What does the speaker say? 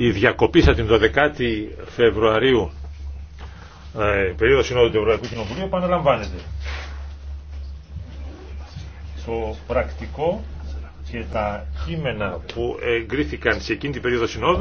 η διακοπή σαν την 12η Φεβρουαρίου ε, περίοδο συνόδου του Ευρωπαϊκού Κοινοβουλίου επαναλαμβάνεται. Το πρακτικό και τα κείμενα που εγκρίθηκαν σε εκείνη την περίοδο συνόδου